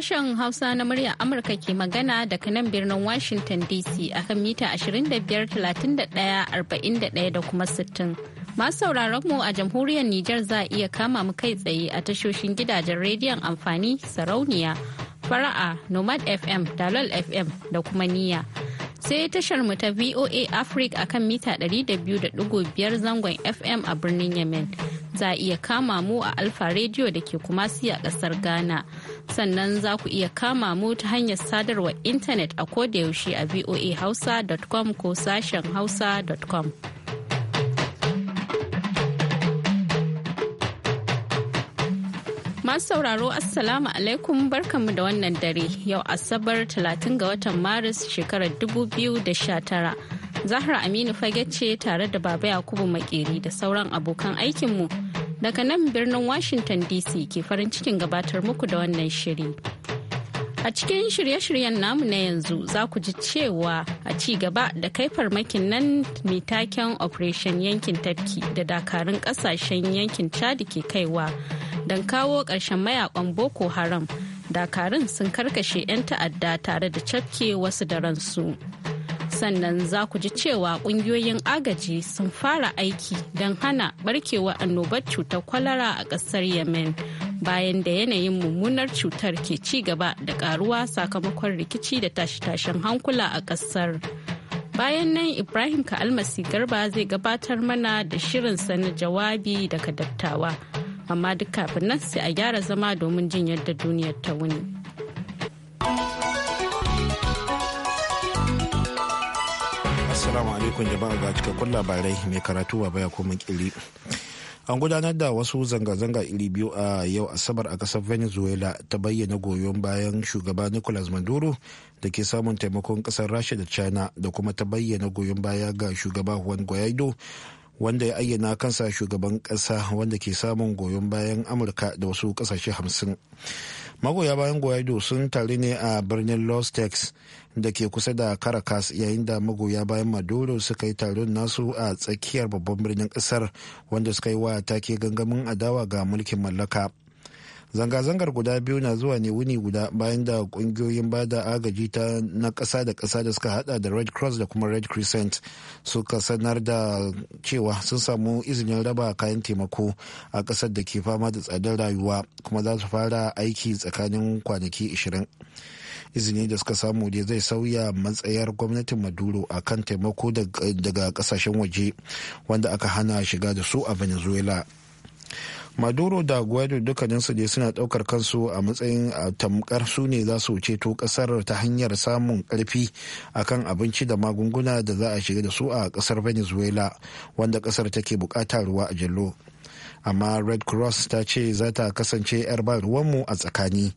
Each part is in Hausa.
Sashen Hausa na murya Amurka ke magana daga nan birnin Washington DC akan mita 25-31-41 da kuma 60. Masu sauraron mu a jamhuriyar Nijar za a iya kama mu kai tsaye a tashoshin gidajen rediyon amfani sarauniya, fara'a, Nomad FM, Dalol FM da kuma niya sai tashar mu ta VOA Africa akan mita 200.5 zangon FM a birnin Yemen. Za a iya kama mu a Alfa Radio da ke kumasi a ƙasar Ghana. sannan za ku iya kama mu ta hanyar sadarwar intanet a kodayaushe a voahausa.com ko sashen hausa.com. Masu sauraro Assalamu alaikum barkanmu da wannan dare yau Asabar 30 ga watan Maris shekarar 2019. Zahra Aminu fage ce tare da Baba Yakubu Makeri da sauran abokan aikinmu. daga nan birnin Washington DC ke farin cikin gabatar muku da wannan shiri. A cikin shirye-shiryen namu na yanzu za ku ji cewa a ci gaba da kai farmakin nan mai Operation yankin tafki da dakarun kasashen yankin Chad ke kaiwa don kawo ƙarshen mayakon Boko Haram. Dakarun sun karkashe 'yan ta'adda tare da cafke wasu da ransu. sannan za ku ji cewa kungiyoyin agaji sun fara aiki don hana barkewa annobar cutar kwalara a ƙasar yemen bayan da yanayin mummunar cutar ke ci gaba da karuwa sakamakon rikici da tashe-tashen hankula a ƙasar bayan nan ibrahim ka'almasi garba zai gabatar mana da shirinsa na jawabi daga dattawa amma duk kafin nan sai a gyara zama domin jin yadda duniyar ta wuni. alaikum jama'a ga cikakkun labarai mai karatu wa baya kuma kili. An gudanar da wasu zanga-zanga iri biyu a yau Asabar a kasar Venezuela ta bayyana goyon bayan shugaba Nicolas Maduro da ke samun taimakon kasar Rasha da China da kuma ta bayyana goyon baya ga shugaba Juan Guaido wanda ya ayyana kansa shugaban kasa wanda ke samun goyon bayan amurka da wasu kasashe hamsin magoya bayan guaido sun taru ne a birnin los tex da ke kusa da caracas yayin da magoya bayan maduro suka yi taron nasu a tsakiyar babban birnin kasar wanda suka yi wa take gangamin adawa ga mulkin mallaka zanga-zangar guda biyu na zuwa ne wuni guda bayan da kungiyoyin da agaji ta na ƙasa da ƙasa da suka hada da red cross da kuma red crescent suka sanar da cewa sun samu izinin raba kayan taimako a ƙasar da ke fama da tsadar rayuwa kuma za su fara aiki tsakanin kwanaki 20 izini da suka samu da zai sauya matsayar gwamnatin maduro a kan taimako daga kasashen waje wanda aka hana shiga da su a venezuela maduro da guaido dukkaninsu ne suna daukar kansu a matsayin tamkar su ne za su ceto kasar ta hanyar samun karfi akan abinci da magunguna da za a shiga da su a kasar venezuela wanda kasar take bukata ruwa a jallo amma red cross ta ce za ta kasance 'yar ba ruwanmu a tsakani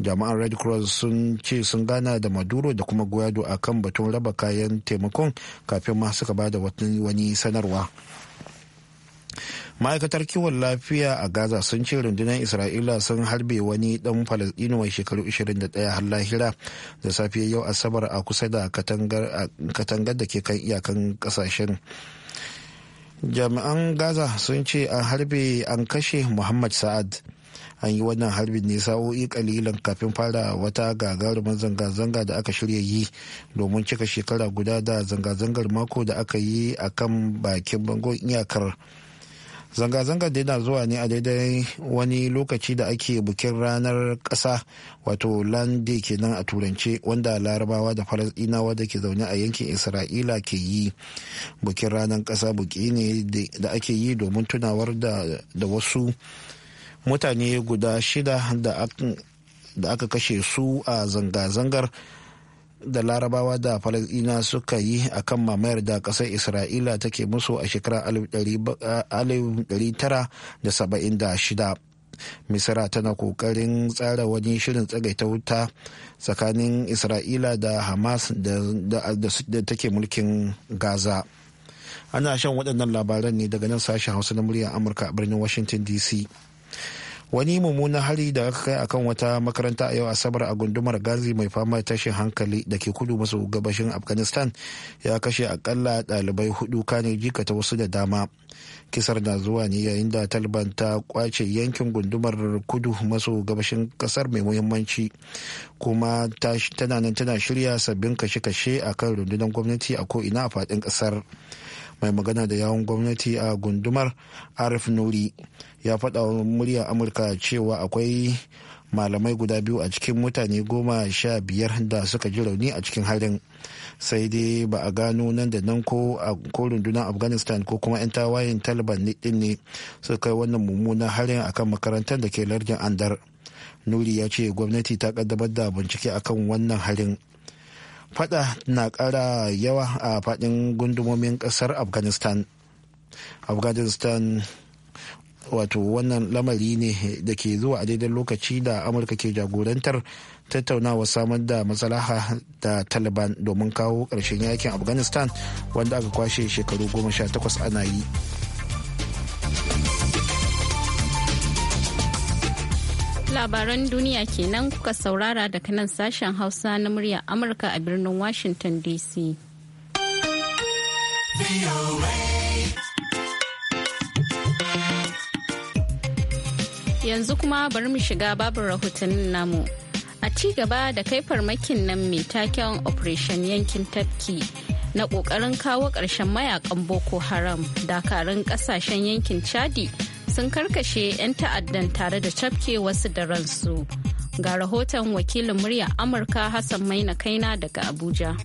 jama'an red cross sun ce sun gana da maduro da kuma guaido a kan batun raba kayan taimakon kafin ma suka bada wani sanarwa ma'aikatar kiwon lafiya a gaza sun ce rundunar isra'ila sun harbe wani dan falasdino mai shekaru 21 har lahira da safe yau asabar a kusa da katangar da ke kan iyakan kasashen jami'an gaza sun ce an harbe an kashe muhammad sa'ad an yi wannan harbin ne sa'o'i kalilan kafin fara wata gagarumin zanga-zanga da aka shirya yi domin cika shekara guda da zanga-zangar mako da aka yi a kan bakin bangon iyakar zanga-zangar da yana zuwa ne a daidai wani lokaci da ake bukin ranar ƙasa wato lande kenan a turance wanda larabawa da falasɗinawa da ke zaune a yankin isra'ila ke yi bukin ranar ƙasa buki ne da ake yi domin tunawar da wasu mutane guda shida da aka kashe su a zanga-zangar da larabawa da falasina suka yi a kan mamayar da kasar isra'ila take musu a shekarar 1976 misira tana kokarin tsara wani shirin tsagaita wuta tsakanin isra'ila da hamas da take mulkin gaza ana shan waɗannan labaran ne daga nan sashen hausa na muryar amurka a birnin washington dc wani mummunan hari da aka kai akan wata makaranta a yau asabar a gundumar gazi mai fama tashin hankali da ke kudu maso gabashin afghanistan ya kashe akalla dalibai hudu kane jika ta wasu da dama kisar na zuwa ne yayin da taliban ta kwace yankin gundumar kudu maso gabashin kasar mai muhimmanci kuma tana nan tana shirya sabbin kashe-kashe a kan rundunar gwamnati a ko'ina a faɗin ƙasar. kasar mai magana da yawon gwamnati a gundumar arif nuri ya faɗa murya amurka cewa akwai malamai guda biyu a cikin mutane goma sha biyar da suka ji rauni a cikin harin sai dai ba a gano nan da nan ko a rundunar afghanistan ko kuma 'yan tawayen taliban din ne suka kai wannan mummunan harin akan makarantar da ke lardin andar nuri ya ce gwamnati ta kaddamar da bincike akan wannan harin fada na ƙara yawa a faɗin gundumomin ƙasar afghanistan afghanistan wato wannan lamari ne da ke zuwa a daidai lokaci da amurka ke jagorantar tattaunawa samar da matsalaha da taliban domin kawo ƙarshen yakin afghanistan wanda aka kwashe shekaru 18 ana yi. labaran duniya kenan kuka saurara daga nan sashen Hausa na murya Amurka a birnin Washington DC. Yanzu kuma bari mu shiga babin rahotannin namu. A ci gaba da kai farmakin nan mai taken Operation Yankin Tafki. na kokarin kawo karshen mayakan boko haram dakarun kasashen yankin chadi sun karkashe 'yan ta'addan tare da cafke wasu da ransu. Ga rahoton wakilin murya Amurka Hassan Maina Kaina daga Abuja.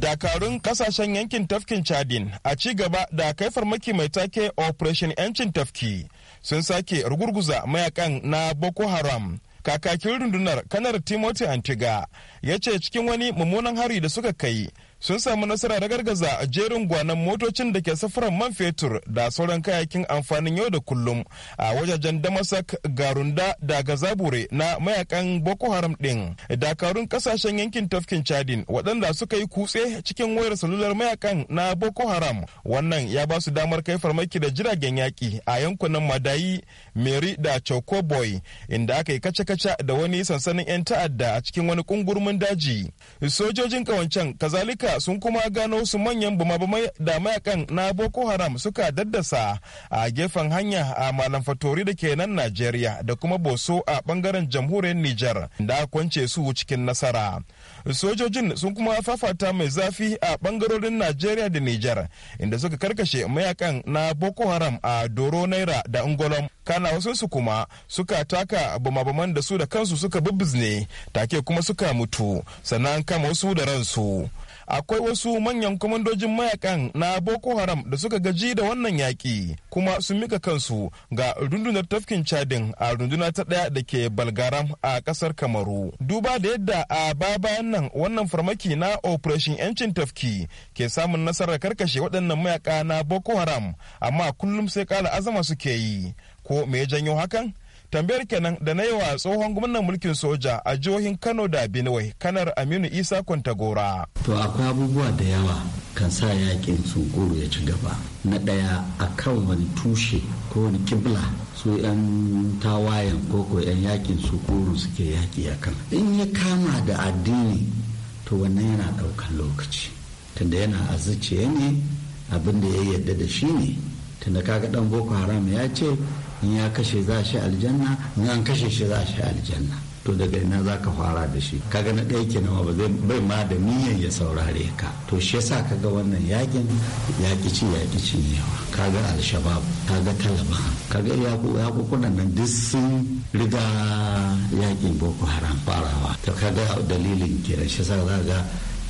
dakarun kasashen yankin tafkin chadin a ci gaba da kai farmaki mai take operation yancin tafki sun sake rugurguza mayakan na boko haram kakakin rundunar kanar timothy antiga ya ce cikin wani mummunan hari da suka kai sun samu nasara da gargaza a jerin gwanan motocin da ke safaran man fetur da sauran kayakin amfanin yau da kullum a wajajen damasak garunda da gazabure na mayakan boko haram din dakarun kasashen yankin tafkin chadin waɗanda suka yi kutse cikin wayar salular mayakan na boko haram wannan ya ba su damar kai farmaki da jiragen yaƙi a yankunan madayi meri da chokoboy inda aka yi kace-kace da wani sansanin 'yan ta'adda a cikin wani kungurmin daji sojojin kawancan kazalika sun kuma gano su manyan bumabumai da mayakan na boko haram suka daddasa a gefen hanya a malam fatori da ke nan najeriya da kuma boso a bangaren jamhuriyar niger da kwance su cikin nasara sojojin sun kuma fafata mai zafi a bangarorin najeriya da niger inda suka karkashe mayakan na boko haram a doro naira da ungolom kana wasu su kuma suka taka bumabuman da su da kansu suka bubuzne take kuma suka mutu sannan kama wasu da ransu akwai wasu manyan kwamandojin mayakan na boko haram da suka gaji da wannan yaƙi kuma sun mika kansu ga rundunar tafkin chadin a runduna ta ɗaya da ke balgaram a ƙasar kamaru duba da yadda a baya bayan nan wannan farmaki na operation yancin tafki ke samun nasarar karkashe waɗannan mayaka na boko haram amma kullum sai ƙala azama suke yi ko me ya janyo hakan tambayar kenan da na yi wa tsohon gwamnan mulkin soja a jihohin kano da benue kanar aminu isa kwantagora to akwai abubuwa da yawa kan sa yakin tsunkuru ya ci gaba na ɗaya kan wani tushe ko wani kibla su yan tawayen koko yan yakin tsunkuru suke yaki kan in ya kama da addini to wannan yana ɗaukan lokaci tunda yana a ne abin da ya yarda da shi ne tunda kaga dan boko haram ya ce in ya kashe za shi aljanna in an kashe shi za shi aljanna to daga ina za ka fara da shi kaga na ɗaya kenan ba zai bai ma da niyan ya saurare ka to shi yasa ga wannan yakin yaƙi ci yaƙi ci ne kaga al-shabab kaga talaba kaga yakukunan nan duk sun riga yakin boko haram farawa to kaga dalilin kenan shi yasa za ga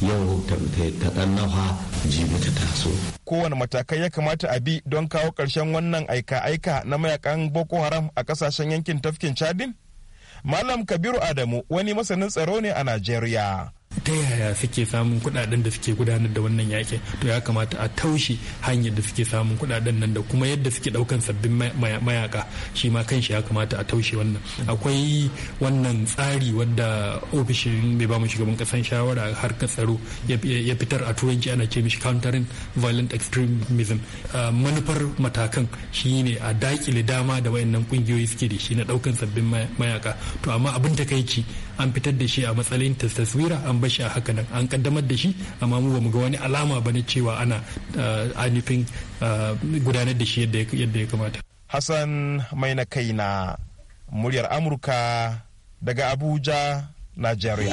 yau ta ɗan nafa jibi ta taso. Kowane matakai ya kamata a bi don kawo ƙarshen wannan aika-aika na mayakan Boko Haram a ƙasashen yankin tafkin Chadin? Malam Kabiru Adamu wani masanin tsaro ne a Najeriya. ta yaya suke samun kuɗaɗen da suke gudanar da wannan yakin to ya kamata a taushe hanyar da suke samun kuɗaɗen nan da kuma yadda suke daukan sabbin mayaka shi ma kanshi ya kamata a taushe wannan akwai wannan tsari wadda ofishin mai ba mu shugaban kasan shawara harkar tsaro ya fitar a turanci ana ce mishi countering violent extremism manufar matakan shi ne a dakile dama da wayannan kungiyoyi suke da shi na ɗaukan sabbin mayaka to amma abin takaici an fitar da shi a matsalin taswira an bashi a haka nan an kaddamar da shi amma mu bamu ga wani alama ba cewa ana uh, ainihin uh, gudanar da shi yadda ya kamata hassan mai na kai na muryar amurka daga abuja nigeria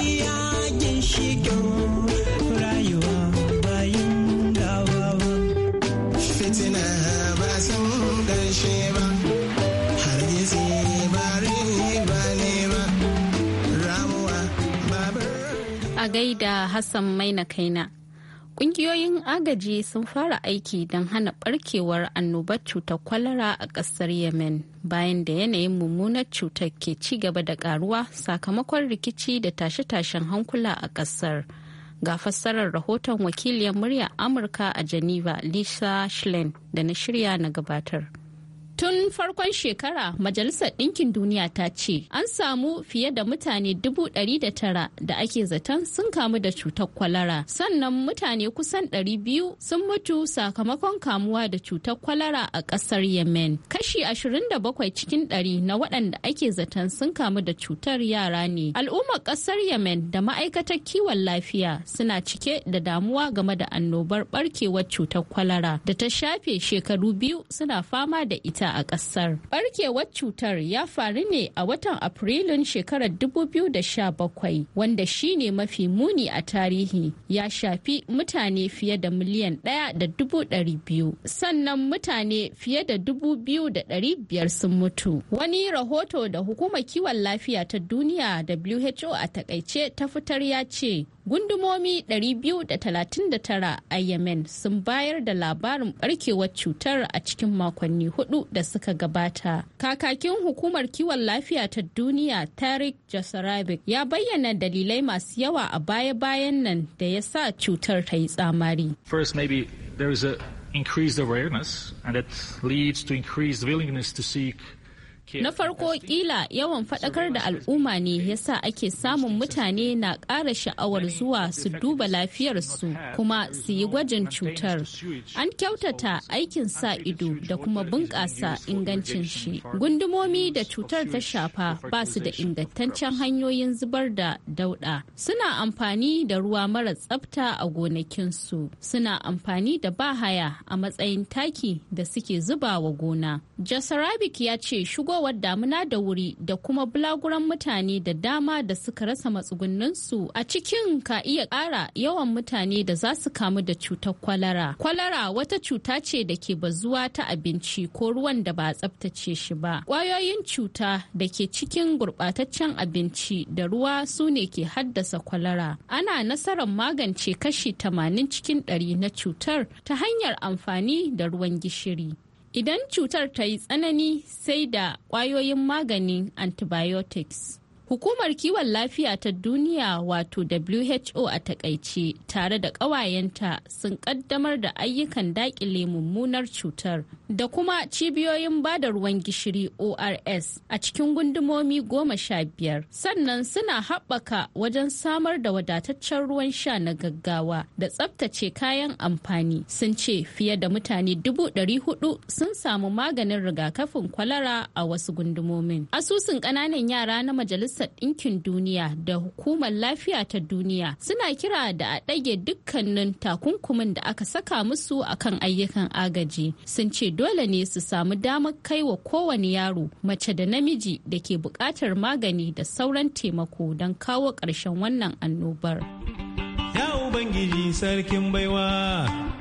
A gaida Hassan Maina Kaina. Ƙungiyoyin agaji sun fara aiki don hana ɓarkewar annobar cutar kwalara a ƙasar Yemen bayan da yanayin mummunar cutar ke ci gaba da ƙaruwa sakamakon rikici da tashe-tashen hankula a ƙasar. Ga fassarar rahoton wakiliyar murya Amurka a Geneva, Lisa Schlein da na shirya na gabatar. Tun farkon shekara Majalisar Ɗinkin Duniya ta ce an samu fiye da mutane dubu ɗari da tara da ake zaton sun kamu da cutar kwalara. Sannan mutane kusan ɗari biyu sun mutu sakamakon kamuwa da cutar kwalara a ƙasar Yemen. Kashi ashirin da bakwai cikin ɗari na waɗanda ake zaton sun kamu da cutar yara ne. Al'ummar ƙasar Yemen da ma'aikatar kiwon lafiya suna cike da damuwa game da annobar ɓarkewar cutar kwalara da ta shafe shekaru biyu suna fama da ita. a ƙasar. Barkewar cutar ya faru ne a watan Afrilun shekarar 2017 wanda shi ne mafi muni a tarihi ya shafi mutane fiye da miliyan ɗaya da dubu ɗari biyu sannan mutane fiye da dubu biyu da ɗari biyar sun mutu. Wani rahoto da hukumar kiwon lafiya ta duniya WHO a takaice ta fitar ya ce gundumomi 239 a yemen sun bayar da labarin barkewar cutar a cikin makonni hudu da da suka gabata. Kakakin hukumar kiwon lafiya ta duniya Tariq Jasarabic ya bayyana dalilai masu yawa a baya-bayan nan da ya sa cutar ta yi tsamari. First, maybe there is a increased awareness and that leads to increased willingness to seek Na farko kila yawan faɗakar da al'umma ne ya yasa ake samun mutane na ƙara sha'awar zuwa su duba lafiyarsu kuma su yi gwajin cutar. An kyautata aikin sa ido da kuma bunƙasa ingancin shi. Gundumomi da cutar ta shafa ba su da ingantaccen hanyoyin zubar da dauɗa. Suna amfani da ruwa mara tsafta a gonakinsu. Suna amfani da bahaya a matsayin taki da suke zuba wa gona. jasarabik ya ce shigowar damuna da wuri da kuma bulaguran mutane da dama da suka rasa matsugunninsu a cikin ka iya ƙara yawan mutane da za su kamu da cutar kwalara kwalara wata cuta ce da ke bazuwa ta abinci ko ruwan da ba a tsabtace shi ba ƙwayoyin cuta da ke cikin gurɓataccen abinci da ruwa su ne ke haddasa kwalara ana nasarar magance kashi 80 cikin 100 na cutar ta hanyar amfani da ruwan gishiri Idan cutar ta yi tsanani sai da ƙwayoyin maganin antibiotics. Hukumar kiwon lafiya ta duniya wato WHO a takaice tare da ƙawayenta sun ƙaddamar da ayyukan daƙile mummunar cutar da kuma cibiyoyin bada ruwan gishiri ORS a cikin gundumomi goma sha biyar. Sannan suna haɓaka wajen samar da wadataccen ruwan sha na gaggawa da tsabtace kayan amfani. Sun ce fiye da mutane dubu ɗari hudu sun samu maganin rigakafin kwalara a wasu gundumomin. Asusun ƙananan yara na majalisa. majalisar ɗinkin duniya da hukumar lafiya ta duniya suna kira da a ɗage dukkanin takunkumin da aka saka musu a kan ayyukan agaji sun ce dole ne su samu damar kai wa kowane yaro mace da namiji da ke buƙatar magani da sauran taimako don kawo ƙarshen wannan annobar. Ya sarkin baiwa.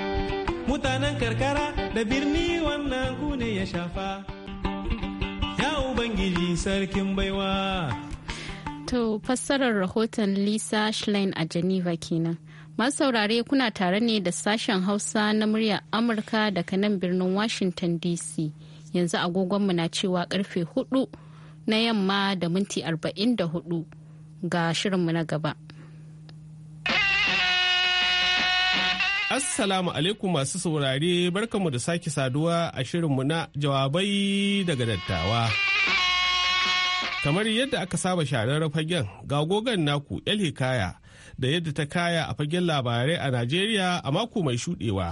nan karkara da birni wannan ku ne ya shafa ya ubangiji sarkin baiwa to fassarar rahoton lisa schlein a geneva kenan masu saurare kuna tare ne da sashen hausa na muryar amurka daga nan birnin washington dc yanzu agogonmu na cewa karfe 4 na yamma da minti 44 ga shirinmu na gaba Assalamu alaikum masu saurare barkanmu da sake saduwa a shirinmu na jawabai daga dattawa. Kamar yadda aka saba sharar fagen ga gogon naku El Hikaya da yadda ta kaya a fagen labarai a Najeriya a mako mai shuɗewa.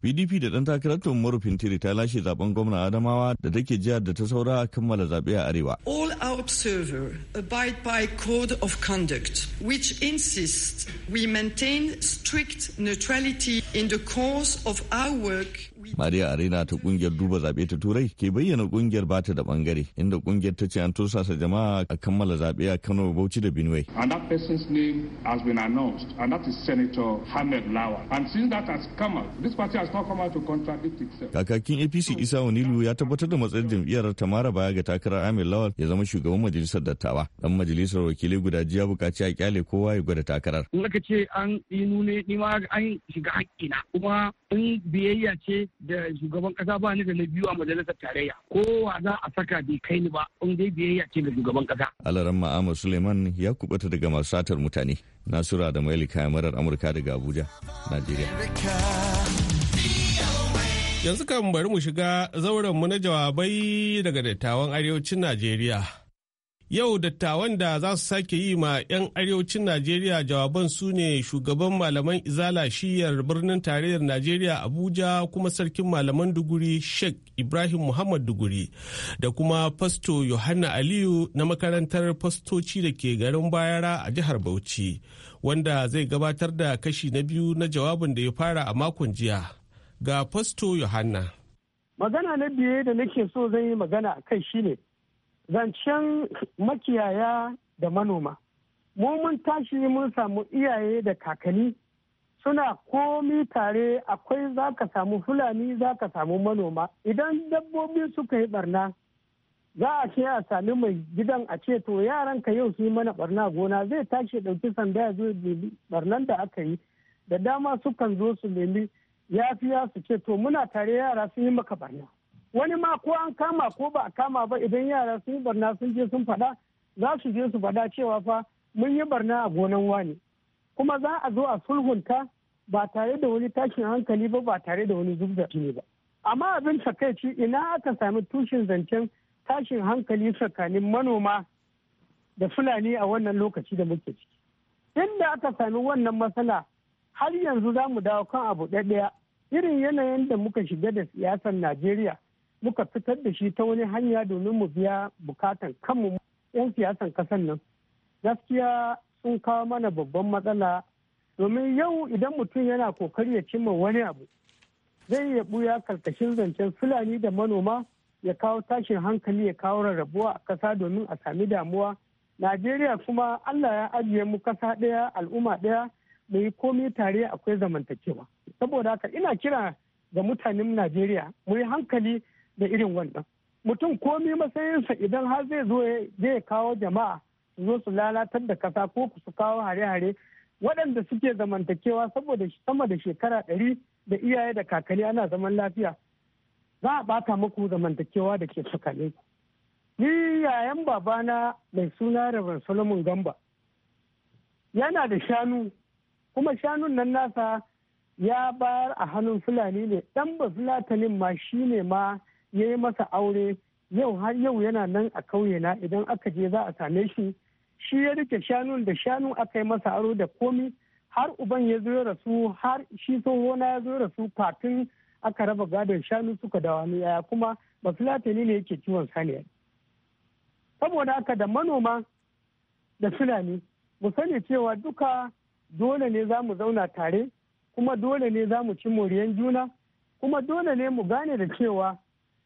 PDP da ɗan takarar marufin Tiri ta lashe zaben gwamna Adamawa da take jihar da ta saura kammala zaɓe a Arewa. Oh, our observer abide by code of conduct, which insists we maintain strict neutrality in the course of our work Maria Arena ta kungiyar duba zaɓe ta Turai ke bayyana kungiyar bata da bangare inda kungiyar ta ce an tursasa jama'a a kammala zabe a Kano Bauchi da Benue. And that person's name has been announced and that is Senator Hamed Lawa. And since that has come out, this party has not come out to contradict itself. Kakakin APC Isa Onilu ya tabbatar da matsayin jam'iyyar Tamara Baya ga takarar Ahmed lawa ya zama shugaban majalisar dattawa. Dan majalisar wakilai guda jiya bukaci a kyale kowa ya gwada takarar. In ka ce an yi nune ni ma an shiga haƙƙina kuma in biyayya ce da shugaban kasa ba ni da na biyu a majalisar tarayya ko kowa za a saka bai kai ni ba in dai biyayya ce da shugaban kasa. alaran ma'amar suleiman ya kubuta daga masu satar mutane nasura da maili kayan marar amurka daga abuja najeriya. yanzu kan bari mu shiga zauren mu na jawabai daga dattawan arewacin najeriya. Yau dattawan da za su sake yi ma 'yan arewacin Najeriya jawaban su ne shugaban malaman izala shiyar birnin tarayyar Najeriya Abuja kuma sarkin malaman duguri Sheikh Ibrahim Muhammad duguri da kuma fasto Yohanna Aliyu na makarantar fastoci da ke garin Bayara a jihar Bauchi wanda zai gabatar da kashi na biyu na jawabin da ya fara a makon jiya ga fasto Yohanna. Magana na biye da nake so zan yi magana a kai shine. zancen makiyaya da manoma mu mun tashi mun samu iyaye da kakanni suna komi tare akwai za ka samu fulani za ka samu manoma idan dabbobi suka yi barna za a ce a sami mai gidan a ce to yaran ka yau su yi mana barna gona zai tashi ɗauki sanda ya zo barnan da aka yi da dama sukan zo su nemi yafiya su ce to muna tare yara sun yi maka barna wani ma ko an kama ko ba a kama ba idan yara sun yi barna sun je sun faɗa za su je su faɗa cewa fa mun yi barna a gonan wani kuma za a zo a sulhunta ba tare da wani tashin hankali ba ba tare da wani zubda ne ba amma abin takaici ina aka sami tushen zancen tashin hankali tsakanin manoma da fulani a wannan lokaci da muke ciki inda aka sami wannan matsala har yanzu za mu dawo kan abu ɗaya irin yanayin da muka shiga da siyasar najeriya muka fitar da shi ta wani hanya domin mu biya bukatan kanmu 'yan siyasan kasan nan gaskiya sun kawo mana babban matsala domin yau idan mutum yana kokari ya cimma wani abu zai iya buya karkashin zancen fulani da manoma ya kawo tashin hankali ya kawo rarrabuwa a kasa domin a sami damuwa najeriya kuma allah ya ajiye mu kasa ɗaya al'umma ɗaya mu yi komai tare akwai zamantakewa saboda haka ina kira ga mutanen najeriya mu yi hankali da irin wannan mutum komi matsayinsa idan har zai zo zai kawo jama'a su zo su lalatar da kasa ko su kawo hare-hare waɗanda suke zamantakewa saboda sama da shekara ɗari da iyaye da kakari ana zaman lafiya za a ɓata muku zamantakewa da ke tsakanin ni yayan babana mai suna rabar Solomon Gamba yana da shanu kuma shanun nan nasa ya bayar a hannun Fulani ne ɗan ba Fulatanin ma shi ne ma ya yi masa aure yau har yau yana nan a kauye na idan aka je za a same shi shi ya rike shanun da shanu aka yi masa aro da komi har uban ya zo da su har shi tsohona ya zo da rasu fatin aka raba gadon shanu suka da wani yaya kuma bafulatani ne yake ciwon saniya saboda haka da manoma da fulani mu sani cewa duka dole ne za mu zauna tare kuma dole ne za mu ci moriyan juna kuma dole ne mu gane da cewa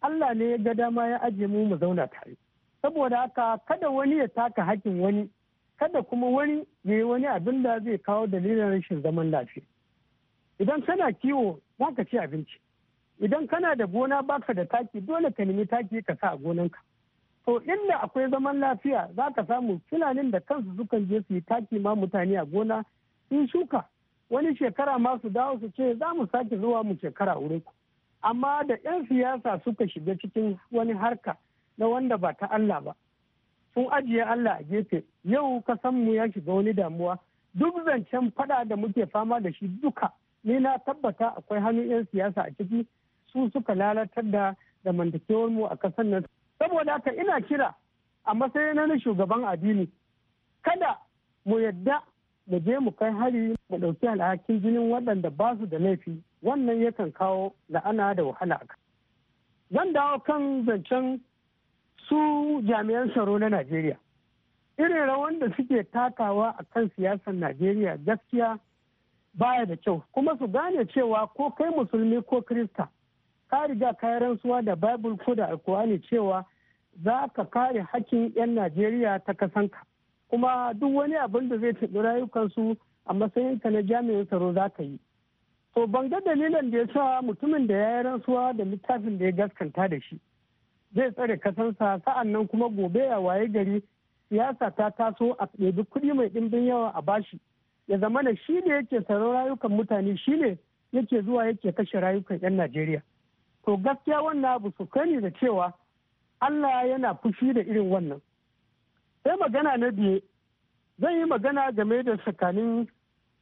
Allah ne ya ga dama ya ajiye mu mu zauna tare saboda haka kada wani ya taka hakkin wani kada kuma wani ya yi wani abin da zai kawo dalilin rashin zaman lafiya idan kana kiwo za ka ci abinci idan kana da gona baka da taki dole ka nemi taki ka sa a gonanka to inda akwai zaman lafiya za ka samu fulanin da kansu sukan je su yi taki ma mutane a gona sun shuka wani shekara ma su dawo su ce za mu sake zuwa mu shekara wurin ku amma da 'yan siyasa suka shiga cikin wani harka na wanda ba ta Allah ba sun ajiye Allah a gefe yau kasan mu ya shiga wani damuwa duk zancen fada da muke fama da shi duka ne na tabbata akwai hannun 'yan siyasa a ciki su suka lalatar da zamantakewar mu a kasan nan saboda haka ina kira a matsayin na shugaban addini kada mu yadda mu je mu kai hari mu ɗauki alhakin jinin waɗanda ba su da laifi wannan yakan kawo la'ana da wahala a zan dawo kan zancen su jami'an tsaro na najeriya irin rawan da suke takawa a kan siyasar najeriya gaskiya baya da kyau kuma su gane cewa ko kai musulmi ko krista ka riga kayan rantsuwa da bible ko da alkuwani cewa za ka kare hakkin 'yan najeriya ta kasanka kuma duk wani abin da zai taɓi rayukansu a matsayinka na jami'in tsaro za ka yi to ban ga dalilin da ya sa mutumin da ya yi rantsuwa da littafin da ya gaskanta da shi zai tsare kasansa sa'an nan kuma gobe a waye gari siyasa ta taso a ɗebi kuɗi mai ɗimbin yawa a bashi ya zama na shi ne yake tsaron rayukan mutane shi ne yake zuwa yake kashe rayukan 'yan najeriya to gaskiya wannan abu su kani da cewa allah yana fushi da irin wannan sai magana na biye zan yi magana game da tsakanin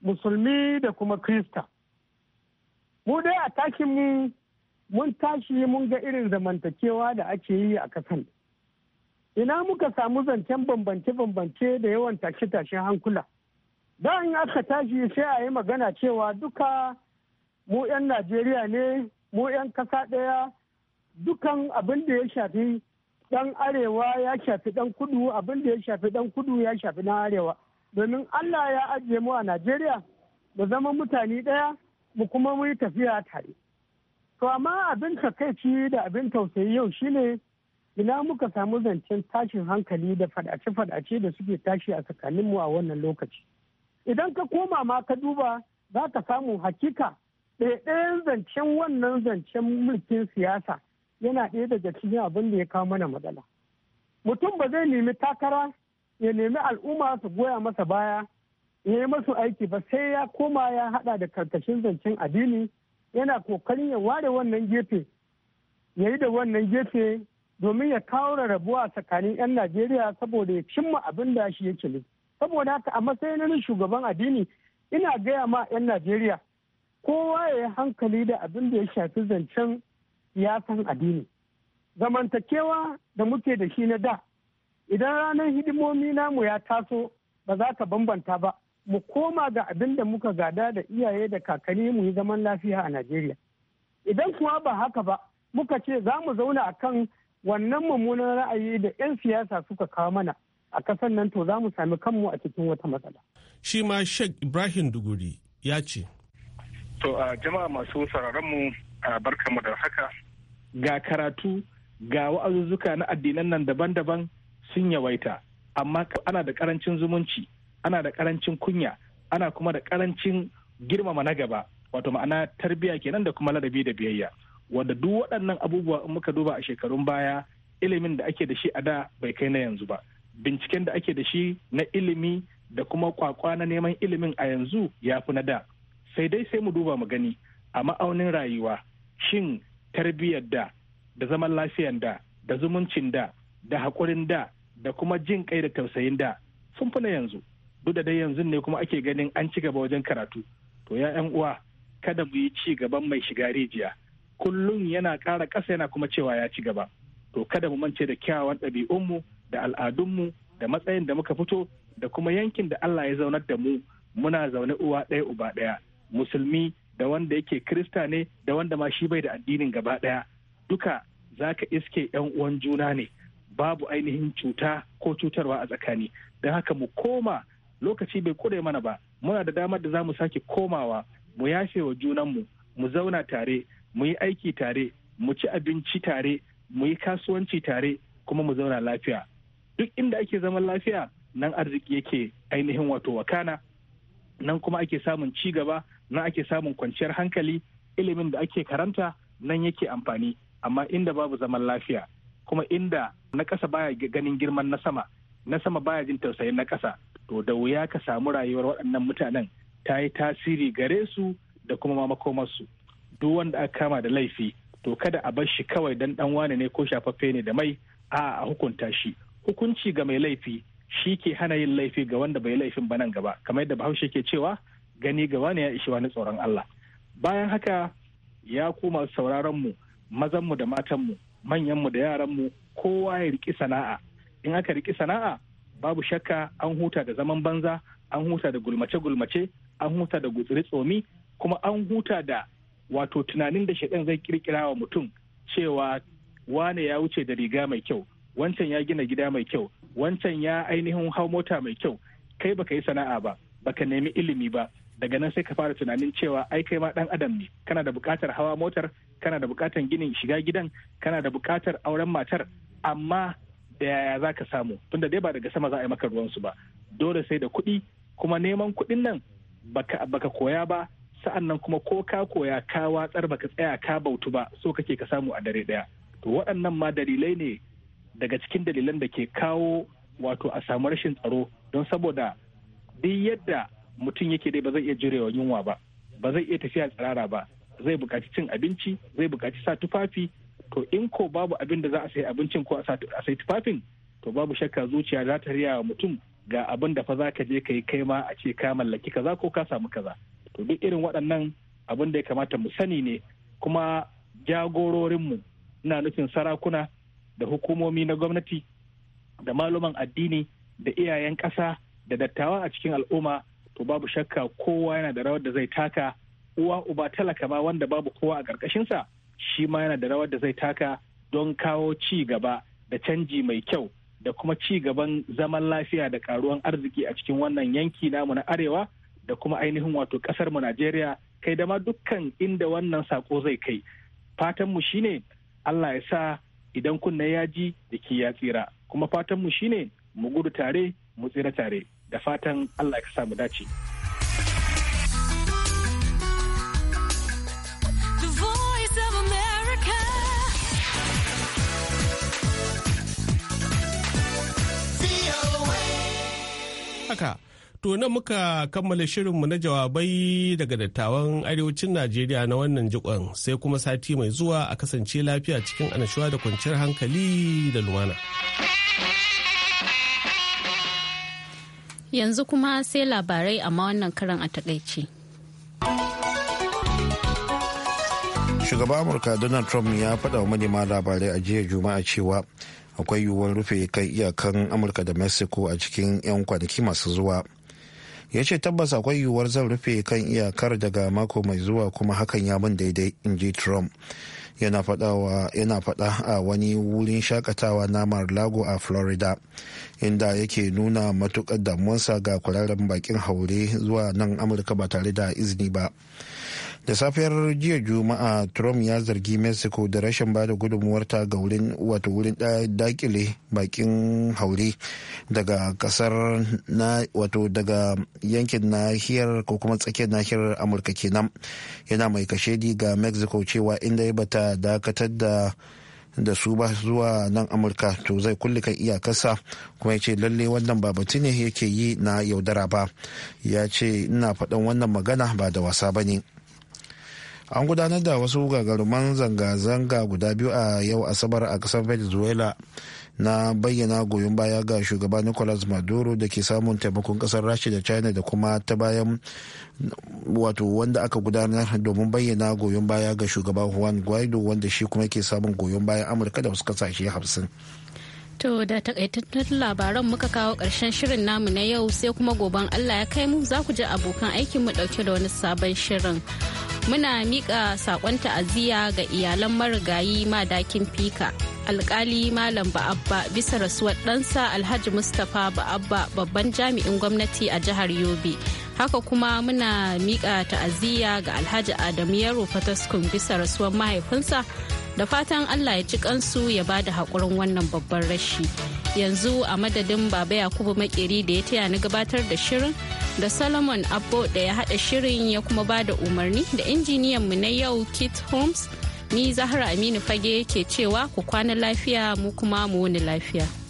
musulmi da kuma krista mu dai a tashin mu mun tashi mun ga irin zamantakewa da ake yi a kasan ina muka samu zancen bambance-bambance da yawan tashe-tashen hankula da in aka tashi sai a yi magana cewa duka mu 'yan najeriya ne mu 'yan kasa ɗaya dukan abin da ya shafi dan arewa ya shafi dan kudu abin da ya shafi dan kudu ya shafi na arewa domin allah ya ajiye mu a najeriya da zama mutane ɗaya mu kuma mu yi tafiya tare to amma abin takaici da abin tausayi yau shine ina muka samu zancen tashin hankali da fadace-fadace da suke tashi a tsakaninmu a wannan lokaci idan ka koma ma ka duba za ka samu hakika ɗayan zancen wannan zancen mulkin siyasa yana ɗaya daga cikin abin da ya kawo mana matsala mutum ba zai nemi takara ya nemi al'umma su goya masa baya ya yi masu aiki ba sai ya koma ya hada da karkashin zancen addini yana kokarin ya ware wannan gefe ya yi da wannan gefe domin ya kawo rarrabuwa tsakanin 'yan najeriya saboda ya cimma abin da shi yake ne saboda haka a matsayin shugaban addini ina gaya ma 'yan najeriya kowa ya yi hankali da abin da ya shafi zancen siyasan addini zamantakewa da muke da shi na da idan ranar hidimomi namu ya taso ba za ka bambanta ba mu koma ga abin da muka gada da iyaye da kakanni mu yi zaman lafiya a Najeriya. Idan kuma ba haka ba, muka ce za mu zauna a kan wannan mummunan ra'ayi da 'yan siyasa suka kawo mana a ƙasar nan to za mu sami kanmu a cikin wata matsala. Shi ma Sheikh Ibrahim Duguri ya ce. To a jama'a masu sararanmu a barkamu da haka. Ga karatu ga wa'azuzzuka na addinan nan daban-daban sun yawaita amma ana da karancin zumunci. ana da karancin kunya ana kuma da karancin girmama na gaba wato ma'ana tarbiyya kenan da kuma ladabi da biyayya wanda duk waɗannan abubuwa in muka duba a shekarun baya ilimin da ake da shi a da bai kai na yanzu ba binciken da ake da shi na ilimi da kuma kwakwa na neman ilimin a yanzu ya fi na da sai dai sai mu duba mu gani a ma'aunin rayuwa shin tarbiyyar da da zaman lafiyar da da zumuncin da da haƙurin da da kuma jin kai da tausayin da sun fi na yanzu duk da dai yanzu ne kuma ake ganin an ci gaba wajen karatu to ya yan uwa kada mu yi ci gaban mai shiga rijiya kullum yana ƙara ƙasa yana kuma cewa ya ci gaba to kada mu mance da kyawawan ɗabi'unmu da al'adunmu da matsayin da muka fito da kuma yankin da Allah ya zaunar da mu muna zaune uwa ɗaya uba ɗaya musulmi da wanda yake krista ne da wanda ma shi bai da addinin gaba ɗaya duka za ka iske yan uwan juna ne babu ainihin cuta ko cutarwa a tsakani don haka mu koma lokaci bai kure mana ba muna da damar da za mu sake komawa mu yashe wa junanmu mu zauna tare mu yi aiki tare mu ci abinci tare mu yi kasuwanci tare kuma mu zauna lafiya duk inda ake zaman lafiya nan arziki yake ainihin wato wakana nan kuma ake samun ci gaba nan ake samun kwanciyar hankali ilimin da ake karanta nan yake amfani amma inda babu zaman lafiya kuma inda na ƙasa baya ganin girman na sama na sama baya jin tausayin na ƙasa to da wuya ka samu rayuwar waɗannan mutanen ta yi tasiri gare su da kuma ma su duk wanda aka kama da laifi to kada a bar shi kawai dan dan wane ne ko shafaffe ne da mai a a hukunta shi hukunci ga mai laifi shi ke hana yin laifi ga wanda bai laifin ba nan gaba kamar yadda bahaushe ke cewa gani gaba ne ya ishi wani tsoron Allah bayan haka ya kuma sauraron mu mazan mu da matan mu manyan mu da yaran mu kowa ya riki sana'a in aka riki sana'a babu shakka an huta da zaman banza an huta da gulmace-gulmace an huta da gutsiri tsomi kuma an huta da wato tunanin da shaidan zai kirkira wa mutum cewa wane ya wuce da riga mai kyau wancan ya gina gida mai kyau wancan ya ainihin hau mota mai kyau kai baka yi sana'a ba baka nemi ilimi ba daga nan sai ka fara tunanin cewa ai kai ma dan adam ne kana da buƙatar hawa motar kana da buƙatar ginin shiga gidan kana da buƙatar auren matar amma da yaya za ka samu tunda dai ba daga sama za a yi maka ruwansu ba dole sai da kuɗi kuma neman kuɗin nan baka, baka koya ba sa'an nan kuma ko ka koya ka watsar baka tsaya ka bautu ba so kake ka samu a dare ɗaya to waɗannan ma dalilai ne daga cikin dalilan da ke kawo wato a samu rashin tsaro don saboda duk yadda mutum yake dai ba zai iya jurewa yunwa ba ba zai iya tafiya tsirara ba zai buƙaci cin abinci zai buƙaci sa tufafi to in ko babu abin da za a sayi abincin ko a sayi tufafin to babu shakka zuciya za ta riya wa mutum ga abin da fa za ka je ka yi kai ma a ce ka mallaki kaza ko ka samu kaza to duk irin waɗannan abin da ya kamata mu sani ne kuma jagororinmu ina nufin sarakuna da hukumomi na gwamnati da malaman addini da iyayen ƙasa da dattawa a cikin al'umma to babu shakka kowa yana da rawar da zai taka uwa uba talaka ma wanda babu kowa a ƙarƙashinsa shi ma yana da rawar da zai taka don kawo ci gaba da canji mai kyau da kuma ci gaban zaman lafiya da karuwan arziki a cikin wannan yanki namu na arewa da kuma ainihin wato kasar mu Najeriya kai da ma dukkan inda wannan sako zai kai fatan mu shine Allah ya sa idan kunna ya ji ki ya tsira kuma fatan mu shine mu gudu tare mu tsira tare da fatan Allah ya sa mu dace haka to nan muka kammala shirinmu na jawabai daga dattawan arewacin najeriya na wannan jikon sai kuma sati mai zuwa a kasance lafiya cikin anashuwa da kwanciyar hankali da lumana yanzu kuma sai labarai amma wannan karan a takaice shugaba amurka donald trump ya faɗa wa manema labarai a jiya juma'a cewa akwai yiwuwar rufe kan iyakan amurka da mexico a cikin 'yan kwanaki masu zuwa ya ce tabbas akwai yiwuwar zan rufe kan iyakar daga mako mai zuwa kuma hakan ya mun daidai in ji trump yana faɗa a wani wurin shakatawa na lago a florida inda yake nuna matukar damuwarsa ga kwararren bakin haure zuwa nan amurka ba tare da izini ba da safiyar jiya juma'a trump ya zargi mexico da rashin bada da gudunmuwarta ga wurin wato wurin dakile bakin haure daga kasar na wato daga yankin nahiyar ko kuma tsakiyar nahiyar amurka kenan yana mai kashedi ga mexico cewa inda ya bata dakatar da da su ba zuwa nan amurka to zai kulle kan iyakarsa kuma ya ce lalle wannan ba ne yake yi na yaudara ba ya ce ina faɗan wannan magana ba da wasa ba ne an gudanar da wasu gagaruman zanga-zanga guda biyu a yau asabar a ƙasar venezuela na bayyana goyon baya ga shugaba nicolas maduro da ke samun taimakon kasar rasha da china da kuma ta bayan wato wanda aka gudanar domin bayyana goyon baya ga shugaba juan guaido wanda shi kuma ke samun goyon bayan amurka da wasu kasashe hamsin. To da takaitattun labaran muka kawo ƙarshen shirin namu na yau sai kuma goben Allah ya kai mu za ku ji abokan aikin mu ɗauke da wani sabon shirin. Muna miƙa saƙon ta'aziyya ga iyalan marigayi madakin fika. Alƙali Malam Ba'abba bisa rasuwar ɗansa Alhaji Mustapha Ba'abba babban jami'in gwamnati a jihar Yobe. Haka kuma muna miƙa ta'aziyya ga Alhaji Adamu Yaro Fataskun bisa rasuwar mahaifinsa da fatan allah ya ci kansu ya ba da haƙurin wannan babban rashi yanzu a madadin baba yakubu makeri da ya taya ni gabatar da shirin da solomon abbo da ya haɗa shirin ya kuma ba da umarni da injiniyan mu na yau kit holmes ni zahra aminu fage ke cewa ku kwana lafiya mu kuma mu wani lafiya